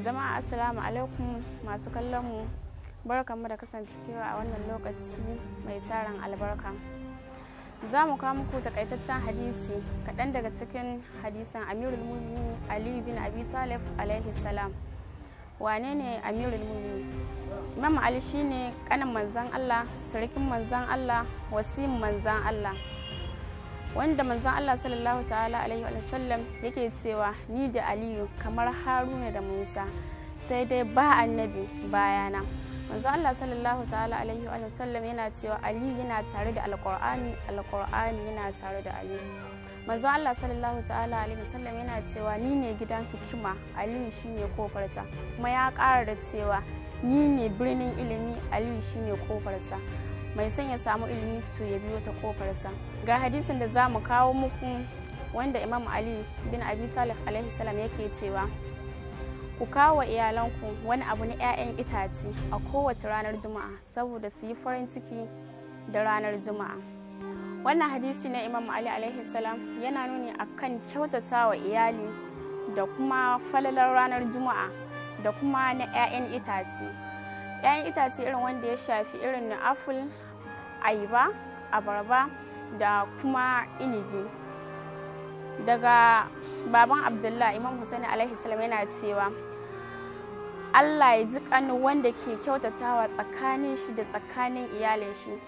jama'a assalamu alaikum masu kallon mu mu da kasancewa a wannan lokaci mai tarin albarka za mu kawo muku takaitaccen hadisi kaɗan daga cikin hadisan amirul mumini ali bin abi talib alaihi salam wane ne amirul mumini imam ali shine kanin manzan allah sirikin manzan allah wasim manzan allah wanda manzon Allah sallallahu ta'ala alaihi wa sallam yake cewa ni da Aliyu kamar Haruna da Musa sai dai ba annabi bayana manzon Allah sallallahu ta'ala alaihi wa sallam yana cewa Aliyu yana tare da Alqur'ani Alqur'ani yana tare da Aliyu manzon Allah sallallahu ta'ala alaihi wa sallam yana cewa ni ne gidan hikima Ali shine kofarta kuma ya ƙara da cewa ni ne birnin ilimi Ali shine kofarsa mai son ya samu ilimi to ya biyo ta kofarsa ga hadisin da za mu kawo muku wanda imam ali bin abi talib alaihi salam yake cewa ku kawo wa iyalanku wani abu na 'ya'yan itace a kowace ranar juma'a saboda su yi farin ciki da ranar juma'a wannan hadisi na imam ali alaihi salam yana nuni akan kyautata wa iyali da kuma falalar ranar juma'a da kuma na 'ya'yan itace 'ya'yan itace irin wanda ya shafi irin na apple ayaba abarba da kuma inibi daga baban abdullah imam hussein alaihi salam yana cewa allah ya ji wanda ke kyautatawa tsakanin shi da tsakanin iyalin shi